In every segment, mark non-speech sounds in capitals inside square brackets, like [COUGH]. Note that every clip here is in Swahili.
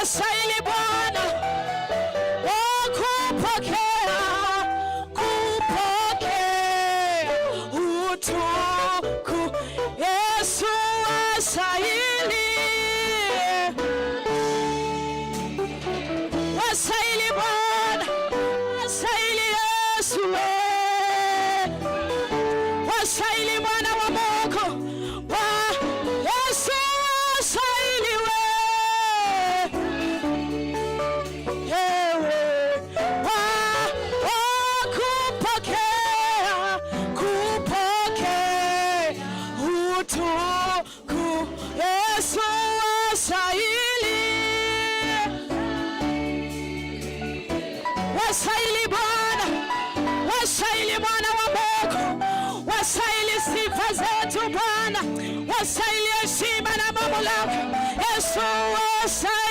unastahili Bwana, wakupokee Wasaili Bwana, wasaili mwana wa Mungu, wasaili sifa zetu Bwana, wasaili heshima na mamlaka Yesu, wasaili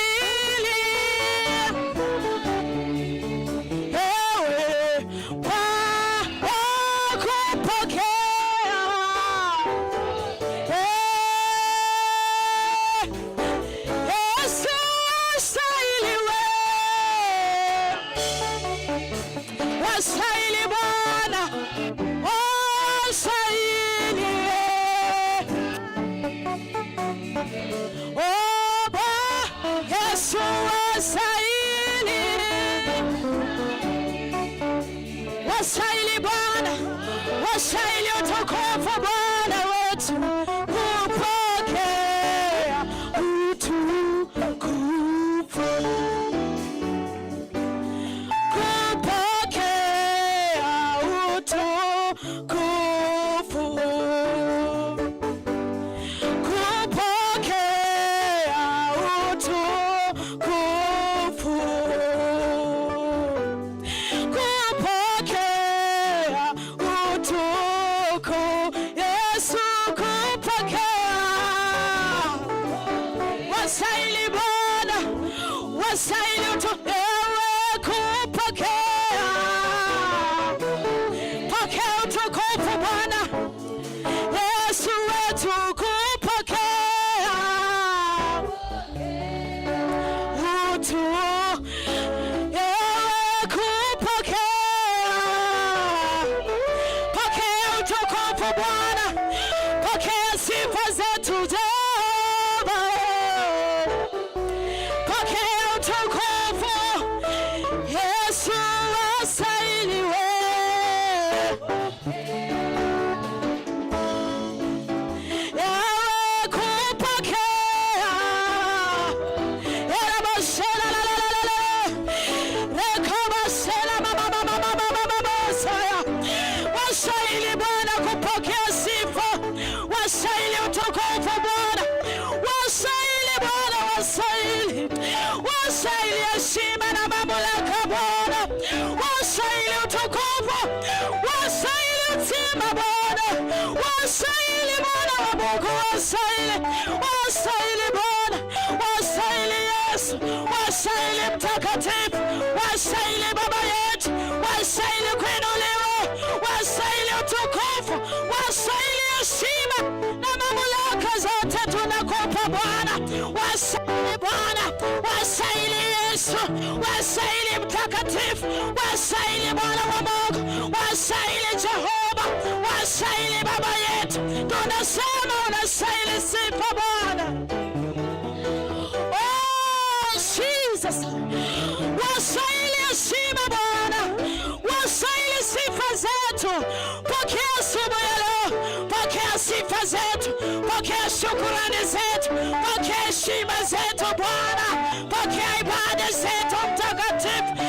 Wastahili Bwana, wastahili utukufu Bwana wetu. Simba na Baba lako Bwana, wastahili utukufu, wastahili utima Bwana, wastahili Bwana wa Mungu, wastahili, wastahili Bwana, wastahili Yesu, wastahili Mtakatifu, wastahili Baba yetu, wastahili kuinuliwa, wastahili utukufu, wastahili heshima na mamlaka zote tunakupa Bwana, wastahili Bwana, wastahili Yesu, wastahili mtakatifu, wastahili Bwana wa Mungu, wastahili Jehova, wastahili Baba yetu. Tunasema unastahili sifa Bwana. Oh Jesus, wastahili heshima Bwana, wastahili sifa zetu. Pokea sifa ya leo, pokea sifa zetu Pokea shukurani zetu, pokea heshima zetu Bwana, pokea ibada zetu Mtakatifu.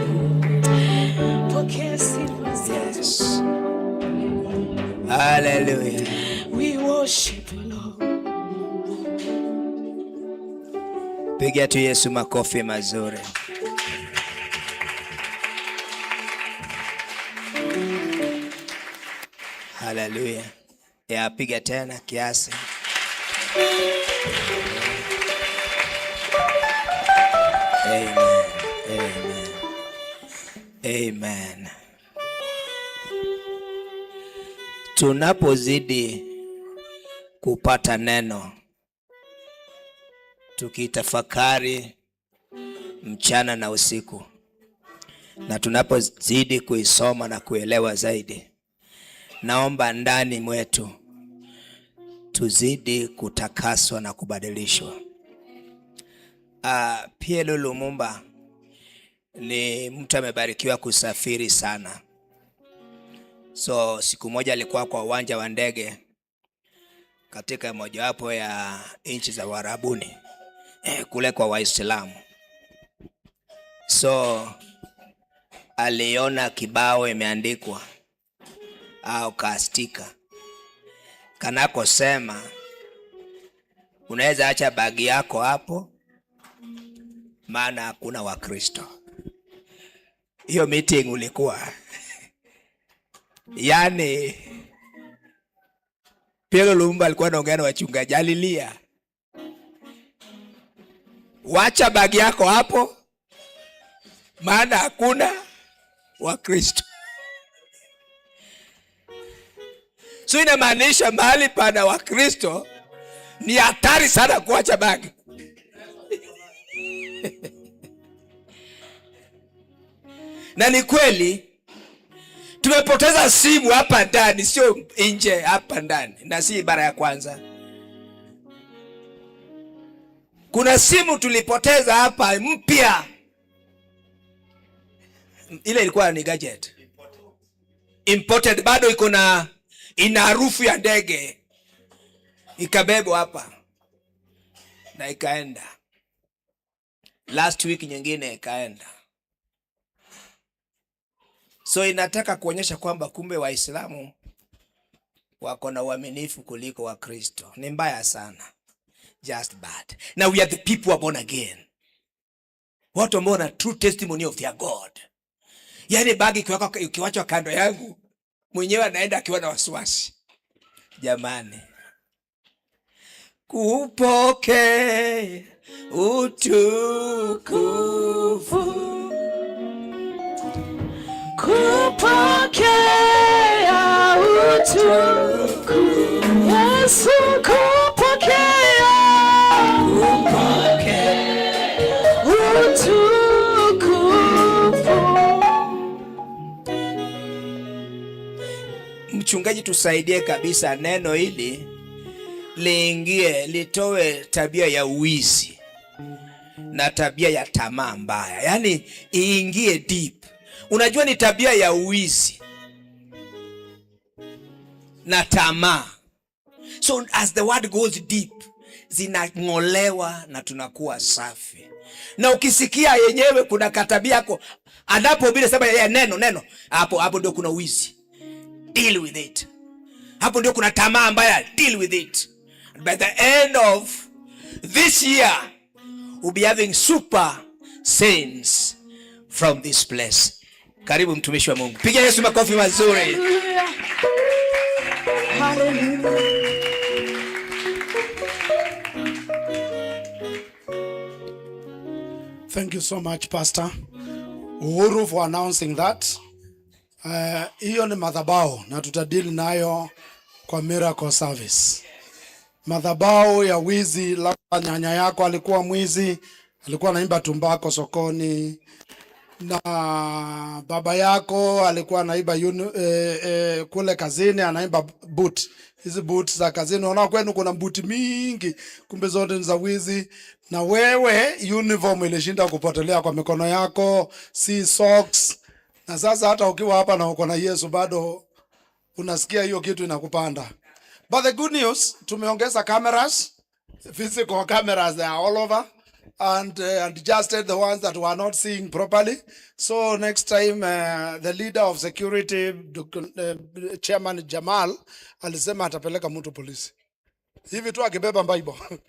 Hallelujah. We worship you, Lord. Piga tu Yesu makofi mazuri. Hallelujah. Ya Yapiga tena kiasi. Amen. Amen. Amen. Tunapozidi kupata neno, tukitafakari mchana na usiku, na tunapozidi kuisoma na kuelewa zaidi, naomba ndani mwetu tuzidi kutakaswa na kubadilishwa. Ah, Pierre Lumumba ni mtu amebarikiwa kusafiri sana So siku moja alikuwa kwa uwanja wa ndege katika mojawapo ya nchi za Warabuni eh, kule kwa Waislamu. So aliona kibao imeandikwa au kastika kanakosema unaweza acha bagi yako hapo, maana hakuna Wakristo. Hiyo meeting ulikuwa [LAUGHS] Yaani Piero Lumumba alikuwa anaongea na wachungaji, alilia, wacha bagi yako hapo, maana hakuna Wakristo. So inamaanisha mahali pana Wakristo ni hatari sana kuacha bagi [LAUGHS] na ni kweli Tumepoteza simu hapa ndani, sio nje, hapa ndani, na si mara ya kwanza. Kuna simu tulipoteza hapa mpya, ile ilikuwa ni gadget imported, bado iko na ina harufu ya ndege, ikabebwa hapa na ikaenda last week nyingine ikaenda So inataka kuonyesha kwamba kumbe Waislamu wako na uaminifu kuliko Wakristo. Ni mbaya sana, just bad. Na we are the people who are born again, watu ambao na true testimony of their God. Yani bagi ikiwachwa kando yangu mwenyewe anaenda akiwa na wasiwasi. Jamani, kupoke utukufu kupokea Yesu, kupokea utukufu. Mchungaji, tusaidie kabisa, neno hili liingie, litoe tabia ya uwizi na tabia ya tamaa mbaya, yaani iingie deep Unajua ni tabia ya uwizi na tamaa. So as the word goes deep, zinang'olewa na tunakuwa safi. Na ukisikia yenyewe kuna katabia yako anapo bila sema ya neno neno, hapo hapo ndio kuna uwizi. deal with it. Hapo ndio kuna tamaa mbaya, deal with it. By the end of this year we'll be having super saints from this place. Karibu mtumishi wa Mungu, piga Yesu makofi mazuri. Thank you so much Pastor Uhuru for announcing that. Uh, Hiyo ni madhabahu na tutadili nayo kwa miracle service. Madhabahu ya wizi, labda nyanya yako alikuwa mwizi, alikuwa anaimba tumbako sokoni na baba yako alikuwa anaiba eh, eh, kule kazini anaiba boot hizi boot za kazini. Unaona kwenu kuna boot mingi, kumbe zote ni za wizi, na wewe uniform ilishinda kupotelea kwa mikono yako, si socks. Na sasa hata ukiwa hapa na uko na Yesu bado unasikia hiyo kitu inakupanda. But the good news tumeongeza cameras, physical cameras, they are all over and uh, and adjusted the ones that were not seeing properly. So next time uh, the leader of security uh, chairman Jamal alisema atapeleka mtu polisi hivi tu akibeba Bible, [LAUGHS]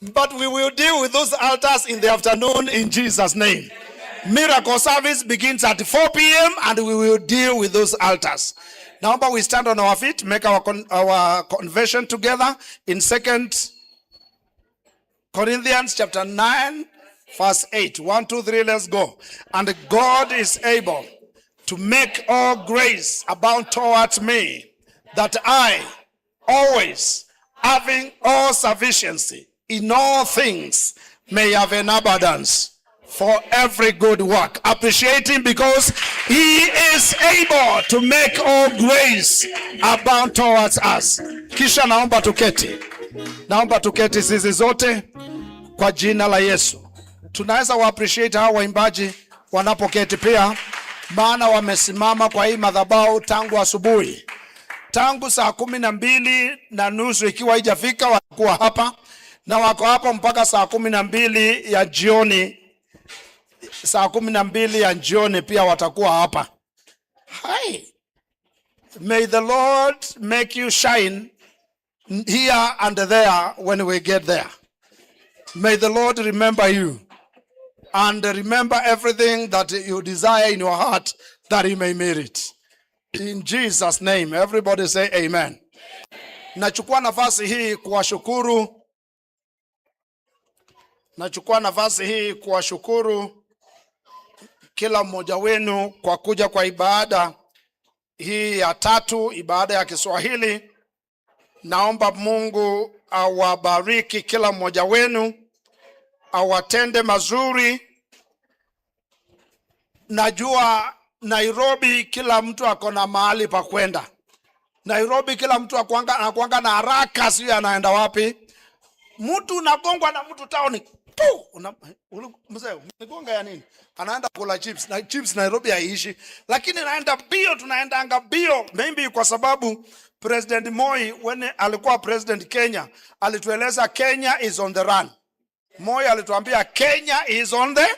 But we will deal with those altars in the afternoon in Jesus' name. Amen. Miracle service begins at 4 p.m. and we will deal with those altars but we stand on our feet, make our, con our conversion together in Second Corinthians chapter 9 verse 8. 1, 2, 3, let's go. And God is able to make all grace abound towards me, that I always, having all sufficiency in all things, may have an abundance for every good work. Appreciate him because he is able to make all grace abound towards us. Kisha naomba tuketi, naomba tuketi sisi zote kwa jina la Yesu. Tunaweza kuappreciate hawa waimbaji wanapoketi pia, maana wamesimama kwa hii madhabahu tangu asubuhi, tangu saa kumi na mbili na nusu ikiwa haijafika, wanakuwa hapa na wako hapa mpaka saa kumi na mbili ya jioni saa kumi na mbili ya jioni pia watakuwa hapa. Hi. may the Lord make you shine here and there when we get there. May the Lord remember you and remember everything that you desire in your heart that you may merit in Jesus name. Everybody say amen. Nachukua nafasi hii kuwashukuru, nachukua nafasi hii kuwashukuru kila mmoja wenu kwa kuja kwa ibada hii ya tatu, ibada ya Kiswahili. Naomba Mungu awabariki kila mmoja wenu, awatende mazuri. Najua Nairobi kila mtu ako na mahali pa kwenda. Nairobi kila mtu anakuanga na haraka, sio anaenda wapi. Mtu unagongwa na mtu taoni mzee migonga ya nini? Anaenda kula chips na chips Nairobi haiishi, lakini naenda bio, tunaendanga bio, maybe kwa sababu President Moi when alikuwa president Kenya alitueleza Kenya is on the run. Moi alituambia Kenya is on the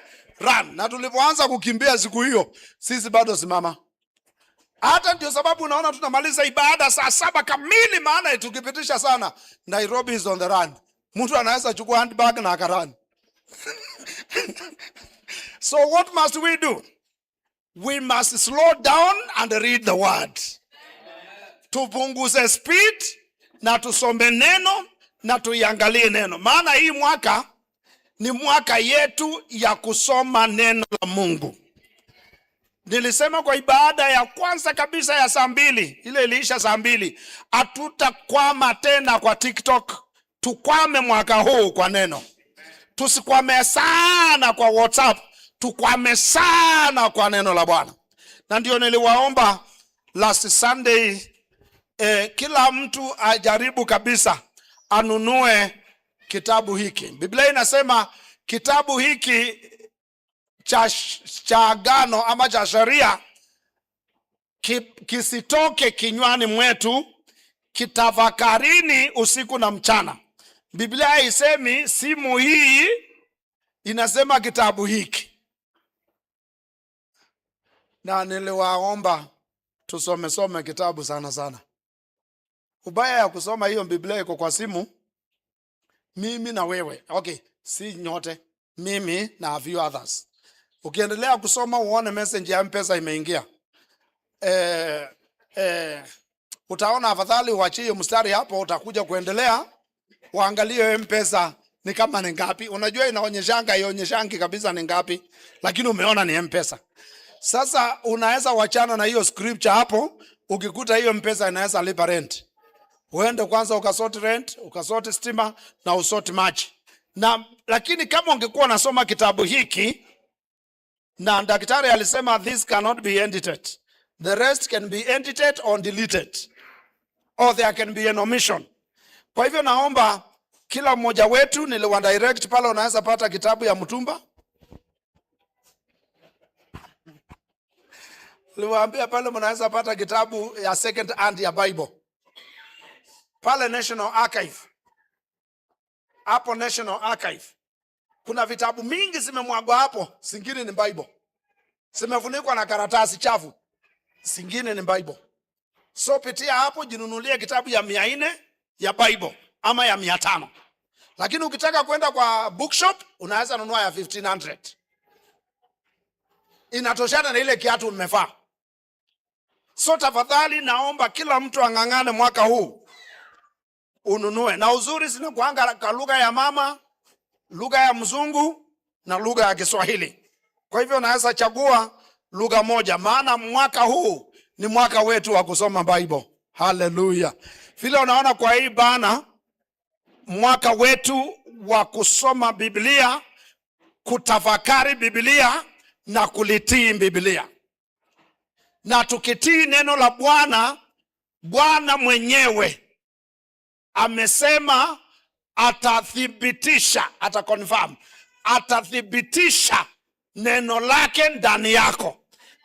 run, na tulipoanza kukimbia siku hiyo sisi bado simama. Hata ndio sababu unaona tunamaliza ibada saa saba kamili, maana tukipitisha sana Nairobi is on the run. Mtu anaweza chukua handbag na akarani. [LAUGHS] so what must we do? We must slow down and read the word. Tupunguze speed na tusome neno na tuiangalie neno, maana hii mwaka ni mwaka yetu ya kusoma neno la Mungu. Nilisema kwa ibada ya kwanza kabisa ya saa mbili, ile iliisha saa mbili, hatutakwama tena kwa TikTok, tukwame mwaka huu kwa neno. Tusikwame sana kwa WhatsApp, tukwame sana kwa neno la Bwana. Na ndio niliwaomba last Sunday eh, kila mtu ajaribu kabisa anunue kitabu hiki. Biblia inasema kitabu hiki cha, cha agano ama cha sheria ki, kisitoke kinywani mwetu, kitafakarini usiku na mchana Biblia haisemi simu hii, inasema kitabu hiki. Na niliwaomba tusomesome kitabu sana sana. Ubaya ya kusoma hiyo Biblia iko kwa simu, mimi na wewe, okay, si nyote, mimi na a few others. Ukiendelea kusoma uone message ya mpesa imeingia. Eh, eh, utaona afadhali uachie mstari hapo, utakuja kuendelea waangalie mpesa ni kama ni ngapi. Unajua inaonyeshanga ionyeshangi kabisa ni ngapi, lakini umeona ni mpesa. Sasa unaweza wachana na hiyo scripture hapo, ukikuta hiyo mpesa inaweza lipa rent, uende kwanza ukasort rent, ukasort stima na usort maji na, lakini kama ungekuwa unasoma kitabu hiki na daktari alisema this cannot be edited, the rest can be edited or deleted or there can be an omission kwa hivyo naomba kila mmoja wetu niliwa direct pale, unaweza pata kitabu ya mtumba niliwaambia pale, mnaweza pata kitabu ya second hand ya Bible pale National Archive. Hapo National Archive kuna vitabu mingi zimemwagwa hapo, singine ni Bible, zimefunikwa na karatasi chafu, singine ni Bible. So pitia hapo, jinunulie kitabu ya mia nne ya Bible ama ya mia tano, lakini ukitaka kwenda kwa bookshop unaweza nunua ya 1500. Inatoshana na ile kiatu nimevaa. So tafadhali, naomba kila mtu ang'ang'ane mwaka huu ununue, na uzuri zinakuanga kwa lugha ya mama, lugha ya mzungu na lugha ya Kiswahili. Kwa hivyo naweza chagua lugha moja, maana mwaka huu ni mwaka wetu wa kusoma Bible. Haleluya! Vile unaona kwa hii bana, mwaka wetu wa kusoma Biblia, kutafakari Biblia na kulitii Biblia, na tukitii neno la Bwana, Bwana mwenyewe amesema atathibitisha, ataconfirm, atathibitisha neno lake ndani yako.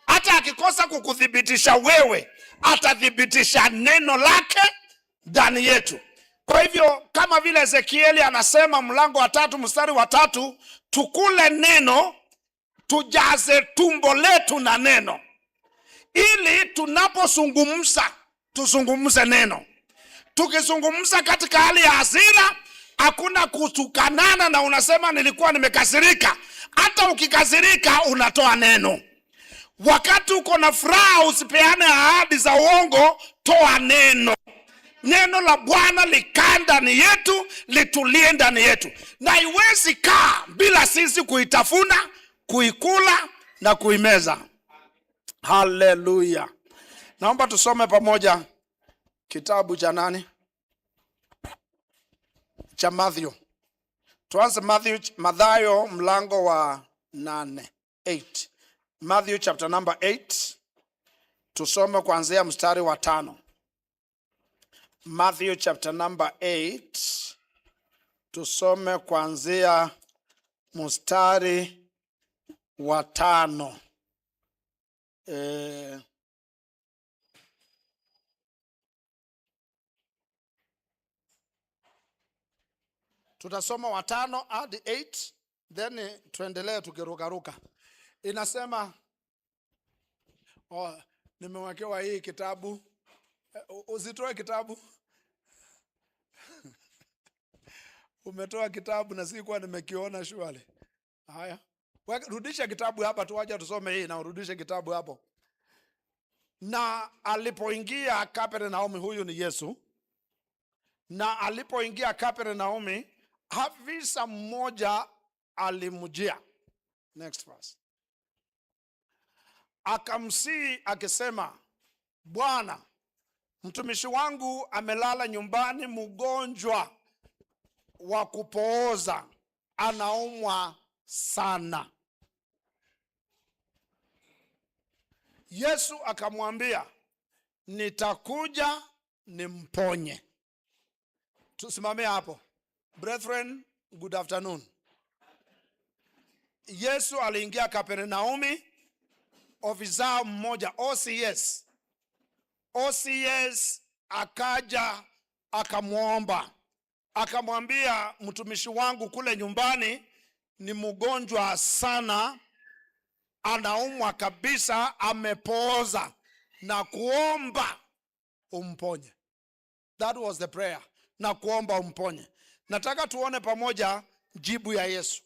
Hata akikosa kukuthibitisha wewe, atathibitisha neno lake ndani yetu. Kwa hivyo kama vile Ezekieli anasema mlango wa tatu mstari wa tatu, tukule neno, tujaze tumbo letu na neno, ili tunapozungumza tuzungumze neno. Tukizungumza katika hali ya hasira, hakuna kutukanana na unasema nilikuwa nimekasirika. Hata ukikasirika unatoa neno. Wakati uko na furaha, usipeane ahadi za uongo, toa neno neno la Bwana likae ndani yetu, litulie ndani yetu, na iwezi kaa bila sisi kuitafuna, kuikula na kuimeza. Haleluya! Naomba tusome pamoja kitabu cha nani cha Mathayo. Tuanze Mathayo, Mathayo mlango wa nane, 8. Mathayo chapter number 8 tusome kuanzia mstari wa tano. Matthew chapter number 8 tusome kuanzia mstari wa tano. E, tutasoma watano hadi 8 then tuendelee tukirukaruka. Inasema oh, nimewekewa hii kitabu. Eh, uzitoe kitabu Umetoa kitabu na sikuwa nimekiona shwale. Haya, rudisha kitabu hapa, waje tusome hii na urudishe kitabu hapo. Na alipoingia Kapernaum, huyu ni Yesu. Na alipoingia Kapernaum, afisa mmoja alimjia. Next verse. Akamsii akisema, Bwana, mtumishi wangu amelala nyumbani mgonjwa wa kupooza, anaumwa sana. Yesu akamwambia, nitakuja nimponye. Tusimame hapo. Brethren, good afternoon. Yesu aliingia Kapernaumi, ofisa mmoja OCS, OCS akaja akamwomba akamwambia mtumishi wangu kule nyumbani ni mgonjwa sana, anaumwa kabisa, amepooza na kuomba umponye. That was the prayer, na kuomba umponye. Nataka tuone pamoja jibu ya Yesu.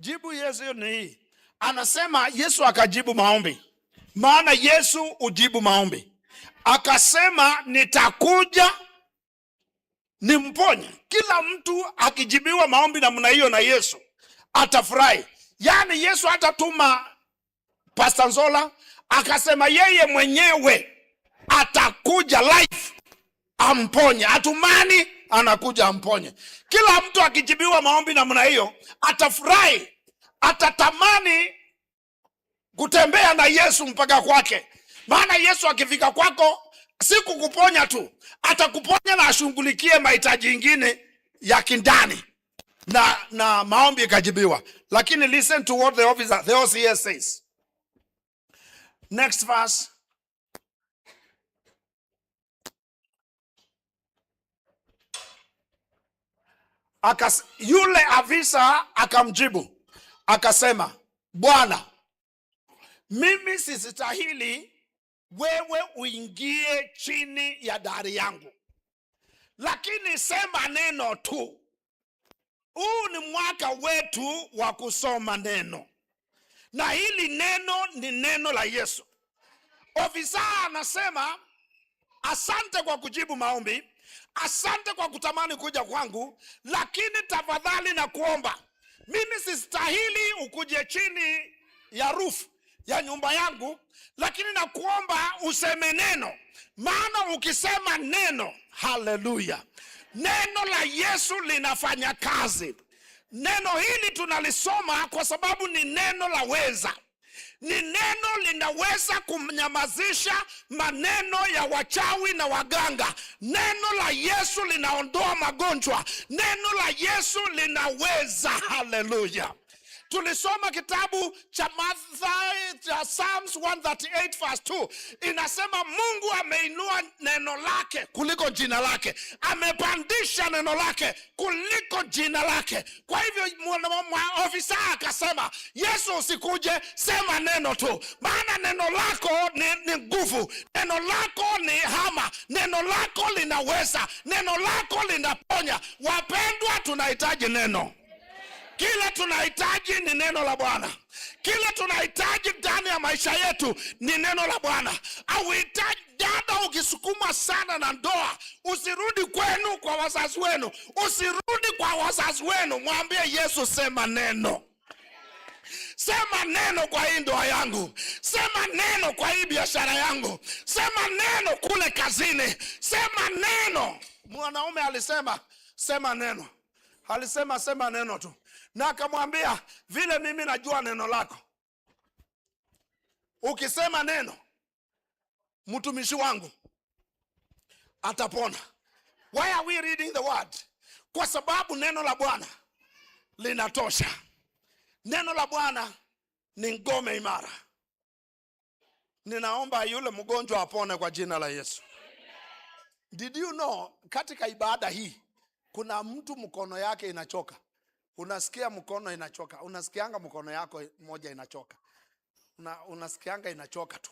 Jibu Yesu ni hii, anasema Yesu akajibu maombi, maana Yesu ujibu maombi. Akasema nitakuja nimponye. Kila mtu akijibiwa maombi namna hiyo na Yesu atafurahi. Yaani Yesu atatuma Pastor Nzola, akasema yeye mwenyewe atakuja live amponye, atumani anakuja amponye. Kila mtu akijibiwa maombi namna hiyo atafurahi, atatamani kutembea na Yesu mpaka kwake, maana Yesu akifika kwako si kukuponya tu, atakuponya na ashughulikie mahitaji ingine ya kindani na, na maombi ikajibiwa. Lakini listen to what the officer, the OCS says. Next verse. Akas, yule afisa akamjibu akasema, Bwana, mimi sistahili wewe uingie chini ya dari yangu. Lakini sema neno tu. Huu ni mwaka wetu wa kusoma neno, na hili neno ni neno la Yesu. Ofisa anasema asante kwa kujibu maombi, asante kwa kutamani kuja kwangu, lakini tafadhali na kuomba, mimi sistahili ukuje chini ya rufu ya nyumba yangu, lakini nakuomba useme neno, maana ukisema neno, haleluya, neno la Yesu linafanya kazi. Neno hili tunalisoma kwa sababu ni neno la weza, ni neno linaweza kumnyamazisha maneno ya wachawi na waganga. Neno la Yesu linaondoa magonjwa, neno la Yesu linaweza. Haleluya. Tulisoma kitabu cha Mathayo cha Psalms 138 verse 2, inasema Mungu ameinua neno lake kuliko jina lake, amepandisha neno lake kuliko jina lake. Kwa hivyo ofisa akasema, Yesu usikuje, sema neno tu, maana neno lako ni nguvu, neno lako ni hama, neno lako linaweza, neno lako linaponya. Wapendwa, tunahitaji neno kila tunahitaji ni neno la Bwana. Kila tunahitaji ndani ya maisha yetu ni neno la Bwana. Auhitaji dada, ukisukuma sana na ndoa, usirudi kwenu kwa wazazi wenu, usirudi kwa wazazi wenu, mwambie Yesu, sema neno Sema neno kwa hii ndoa yangu, sema neno kwa hii biashara yangu, sema neno kule kazini, sema neno. Mwanaume alisema sema neno, alisema sema neno tu na akamwambia, vile mimi najua neno lako, ukisema neno, mtumishi wangu atapona. Why are we reading the word? Kwa sababu neno la Bwana linatosha. Neno la Bwana ni ngome imara. Ninaomba yule mgonjwa apone kwa jina la Yesu. Did you know katika ibada hii kuna mtu mkono yake inachoka? Unasikia mkono inachoka, unasikianga mkono yako moja inachoka, una, unasikianga inachoka tu.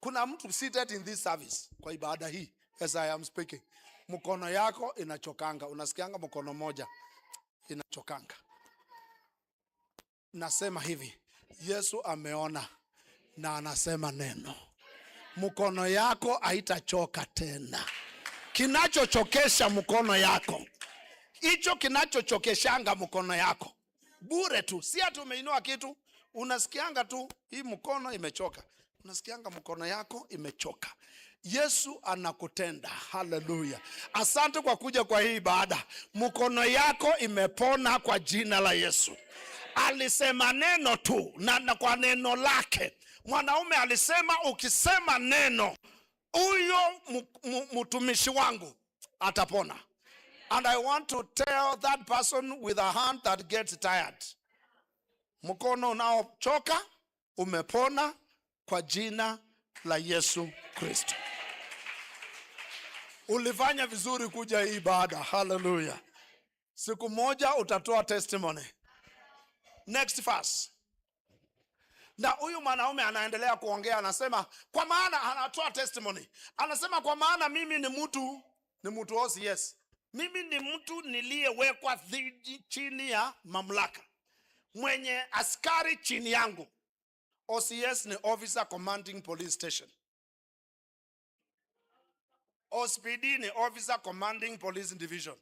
Kuna mtu seated in this service kwa ibada hii as I am speaking, mkono yako inachokanga, unasikianga mkono moja inachokanga. Nasema hivi, Yesu ameona na anasema neno, mkono yako haitachoka tena. Kinachochokesha mkono yako hicho kinachochokeshanga mkono yako bure tu, si hata umeinua kitu, unasikianga tu hii mkono imechoka, unasikianga mkono yako imechoka. Yesu anakutenda. Haleluya! Asante kwa kuja kwa hii ibada. Mkono yako imepona kwa jina la Yesu. Alisema neno tu na, na kwa neno lake mwanaume alisema, ukisema neno huyo mtumishi wangu atapona. And I want to tell that person with a hand that gets tired, mkono choka, umepona kwa jina la Yesu Kristo. Ulifanya vizuri kuja hii ibada. Hallelujah. Siku moja utatoa testimony. Next verse. Na huyu mwanaume anaendelea kuongea, anasema kwa maana, anatoa testimony, anasema kwa maana mimi ni mtu ni mtu osi, yes mimi ni mtu niliyewekwa dhidi chini ya mamlaka, mwenye askari chini yangu. OCS ni officer commanding police station. OSPD ni officer commanding police division.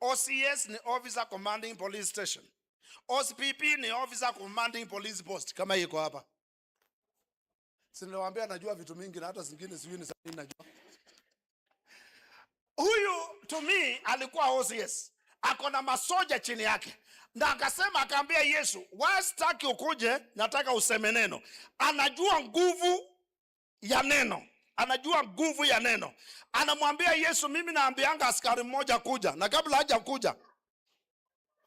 OCS ni officer commanding police station. OSPP ni officer commanding police post. Kama iko hapa, sinawaambia najua vitu mingi na hata zingine sijui najua huyu to alikuwa OCS ako na masoja chini yake, na akasema akaambia Yesu, wastaki ukuje, nataka useme neno. Anajua nguvu ya neno, anajua nguvu ya neno. Anamwambia Yesu, mimi naambianga askari mmoja kuja, na kabla haja kuja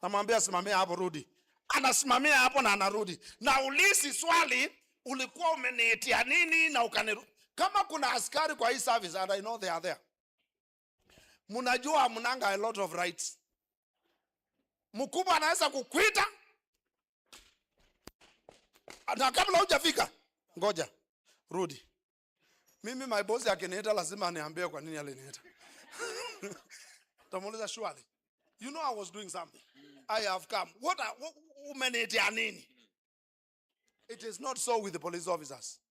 namwambia simamia hapo, rudi. Anasimamia hapo na anarudi, na ulisi swali, ulikuwa umeniitia nini na ukani. Kama kuna askari kwa hii service and I know they are there mnajua mnanga a lot of rights. Mkubwa anaweza kukwita na kabla hujafika, ngoja rudi. Mimi my boss akiniita lazima aniambie kwa nini aliniita. [LAUGHS] Tamuuliza swali. You know I was doing something. I have come. What umeniitia nini? It is not so with the police officers.